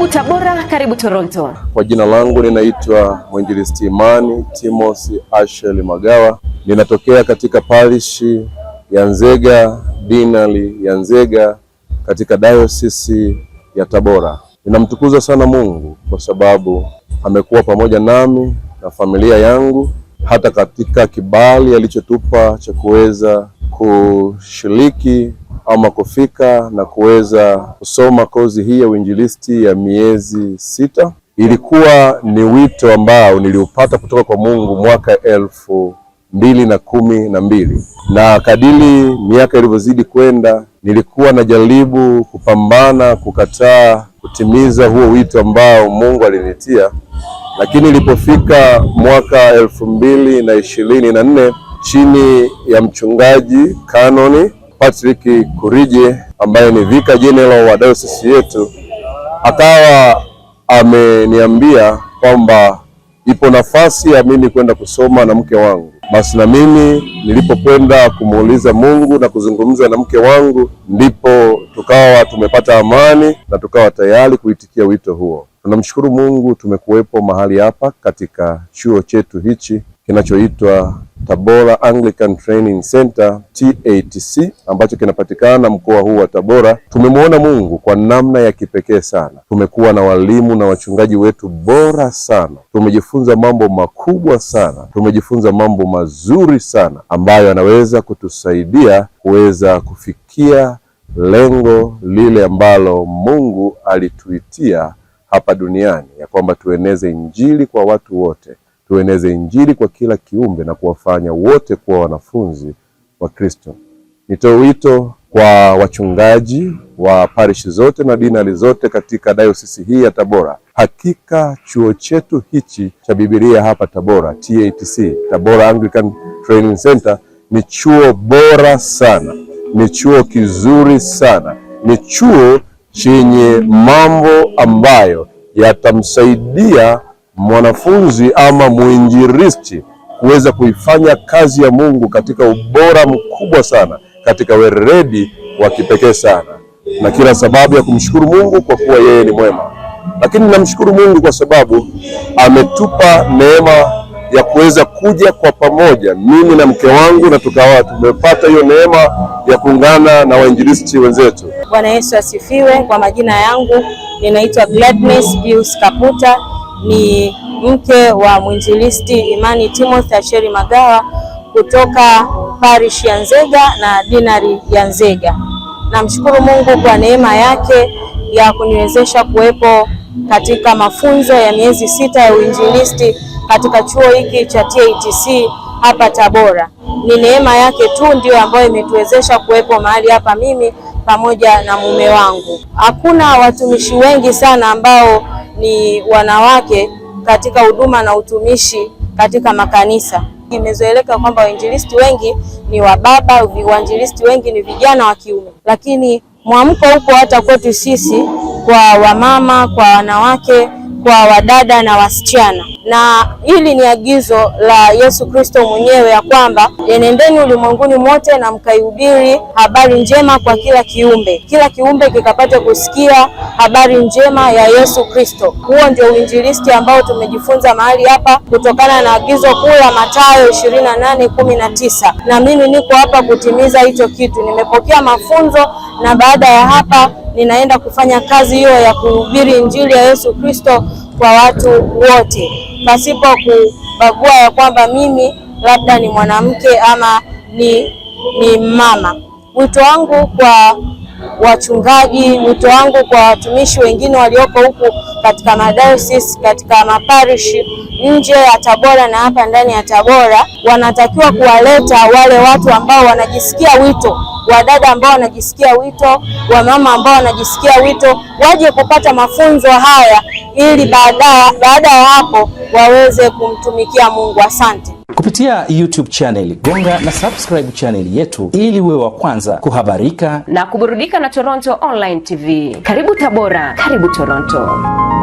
Karibu Tabora, karibu Toronto. Kwa jina langu ninaitwa mwinjilisti Imani Timothy Ashel Magawa, ninatokea katika parishi ya Nzega, dinali ya Nzega katika dayosisi ya Tabora. Ninamtukuza sana Mungu kwa sababu amekuwa pamoja nami na familia yangu hata katika kibali alichotupa cha kuweza kushiriki ama kufika na kuweza kusoma kozi hii ya uinjilisti ya miezi sita. Ilikuwa ni wito ambao niliupata kutoka kwa Mungu mwaka elfu mbili na kumi na mbili na kadili miaka ilivyozidi kwenda, nilikuwa najaribu kupambana kukataa kutimiza huo wito ambao Mungu alinitia, lakini ilipofika mwaka elfu mbili na ishirini na nne chini ya mchungaji Kanoni Patrick Kurije ambaye ni vika general wa dayosisi yetu, akawa ameniambia kwamba ipo nafasi ya mimi kwenda kusoma na mke wangu. Basi na mimi nilipokwenda kumuuliza Mungu na kuzungumza na mke wangu, ndipo tukawa tumepata amani na tukawa tayari kuitikia wito huo. Tunamshukuru Mungu, tumekuwepo mahali hapa katika chuo chetu hichi kinachoitwa Tabora Anglican Training Center TATC ambacho kinapatikana mkoa huu wa Tabora. Tumemwona Mungu kwa namna ya kipekee sana. Tumekuwa na walimu na wachungaji wetu bora sana. Tumejifunza mambo makubwa sana. Tumejifunza mambo mazuri sana ambayo yanaweza kutusaidia kuweza kufikia lengo lile ambalo Mungu alituitia hapa duniani ya kwamba tueneze Injili kwa watu wote tueneze Injili kwa kila kiumbe na kuwafanya wote kuwa wanafunzi wa Kristo. Nitoe wito kwa wachungaji wa parishi zote na dinari zote katika dayosisi hii ya Tabora. Hakika chuo chetu hichi cha Biblia hapa Tabora, TATC, Tabora Anglican Training Center, ni chuo bora sana, ni chuo kizuri sana, ni chuo chenye mambo ambayo yatamsaidia mwanafunzi ama mwinjilisti kuweza kuifanya kazi ya Mungu katika ubora mkubwa sana, katika weredi wa kipekee sana, na kila sababu ya kumshukuru Mungu kwa kuwa yeye ni mwema. Lakini namshukuru Mungu kwa sababu ametupa neema ya kuweza kuja kwa pamoja, mimi na mke wangu, na tukawa tumepata hiyo neema ya kuungana na wainjilisti wenzetu. Bwana Yesu asifiwe. Kwa majina yangu ninaitwa Gladness Pius Kaputa ni mke wa mwinjilisti Imani Timothy Acheri Magawa kutoka parish ya Nzega na dinari ya Nzega. Namshukuru Mungu kwa neema yake ya kuniwezesha kuwepo katika mafunzo ya miezi sita ya uinjilisti katika chuo hiki cha TATC hapa Tabora. Ni neema yake tu ndiyo ambayo imetuwezesha kuwepo mahali hapa mimi pamoja na mume wangu. Hakuna watumishi wengi sana ambao ni wanawake katika huduma na utumishi katika makanisa. Imezoeleka kwamba wainjilisti wengi ni wababa, wainjilisti wengi ni vijana wa kiume, lakini mwamko huko hata kwetu sisi kwa wamama, kwa wanawake kwa wadada na wasichana, na hili ni agizo la Yesu Kristo mwenyewe ya kwamba enendeni ulimwenguni mote na mkaihubiri habari njema kwa kila kiumbe, kila kiumbe kikapate kusikia habari njema ya Yesu Kristo. Huo ndio uinjilisti ambao tumejifunza mahali hapa kutokana na agizo kuu la Mathayo ishirini na nane kumi na tisa na mimi niko hapa kutimiza hicho kitu. Nimepokea mafunzo na baada ya hapa ninaenda kufanya kazi hiyo ya kuhubiri Injili ya Yesu Kristo kwa watu wote, pasipo kubagua ya kwamba mimi labda ni mwanamke ama ni, ni mama. Wito wangu kwa wachungaji, wito wangu kwa watumishi wengine walioko huku katika madayosisi, katika maparishi nje ya Tabora na hapa ndani ya Tabora, wanatakiwa kuwaleta wale watu ambao wanajisikia wito wadada ambao wanajisikia wito, wamama ambao wanajisikia wito waje kupata mafunzo haya ili baada ya hapo waweze kumtumikia Mungu. Asante. Kupitia YouTube channel gonga na subscribe channel yetu ili uwe wa kwanza kuhabarika na kuburudika na Toronto Online TV. Karibu Tabora, karibu Toronto.